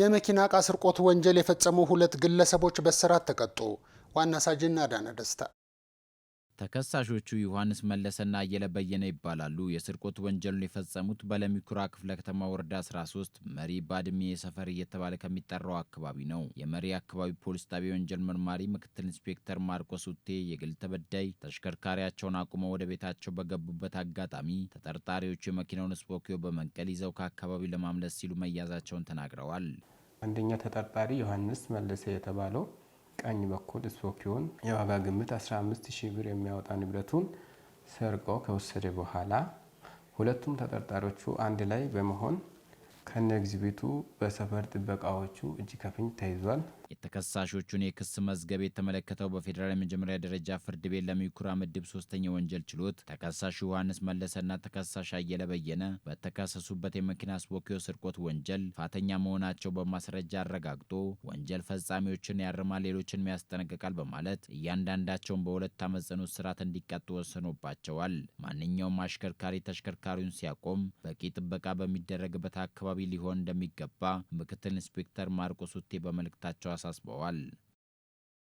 የመኪና እቃ ስርቆት ወንጀል የፈጸሙ ሁለት ግለሰቦች በእስራት ተቀጡ። ዋና ሳጅን አዳነ ደስታ ተከሳሾቹ ዮሐንስ መለሰና አየለ በየነ ይባላሉ። የስርቆት ወንጀሉን የፈጸሙት በለሚኩራ ክፍለ ከተማ ወረዳ 13 መሪ ባድሜ ሰፈር እየተባለ ከሚጠራው አካባቢ ነው። የመሪ አካባቢ ፖሊስ ጣቢያ ወንጀል መርማሪ ምክትል ኢንስፔክተር ማርቆስ ውቴ የግል ተበዳይ ተሽከርካሪያቸውን አቁመው ወደ ቤታቸው በገቡበት አጋጣሚ ተጠርጣሪዎቹ የመኪናውን ስፖኪዮ በመንቀል ይዘው ከአካባቢው ለማምለስ ሲሉ መያዛቸውን ተናግረዋል። አንደኛ ተጠርጣሪ ዮሐንስ መለሰ የተባለው ቀኝ በኩል ስፖኪዮን የዋጋ ግምት 15000 ብር የሚያወጣ ንብረቱን ሰርቆ ከወሰደ በኋላ ሁለቱም ተጠርጣሪዎቹ አንድ ላይ በመሆን ከነ ኤግዚቢቱ በሰፈር ጥበቃዎቹ እጅ ከፍንጅ ተይዟል። የተከሳሾቹን የክስ መዝገብ የተመለከተው በፌዴራል የመጀመሪያ ደረጃ ፍርድ ቤት ለሚኩራ ምድብ ሶስተኛ ወንጀል ችሎት ተከሳሽ ዮሐንስ መለሰና ተከሳሽ አየለ በየነ በተከሰሱበት የመኪና አስቦኪዮ ስርቆት ወንጀል ፋተኛ መሆናቸው በማስረጃ አረጋግጦ ወንጀል ፈጻሚዎችን ያርማል፣ ሌሎችን ያስጠነቅቃል በማለት እያንዳንዳቸውን በሁለት ዓመት ጽኑ እስራት እንዲቀጡ ወስኖባቸዋል። ማንኛውም አሽከርካሪ ተሽከርካሪውን ሲያቆም በቂ ጥበቃ በሚደረግበት አካባቢ ሊሆን እንደሚገባ ምክትል ኢንስፔክተር ማርቆስ ውቴ በመልእክታቸው አሳ አሳስበዋል።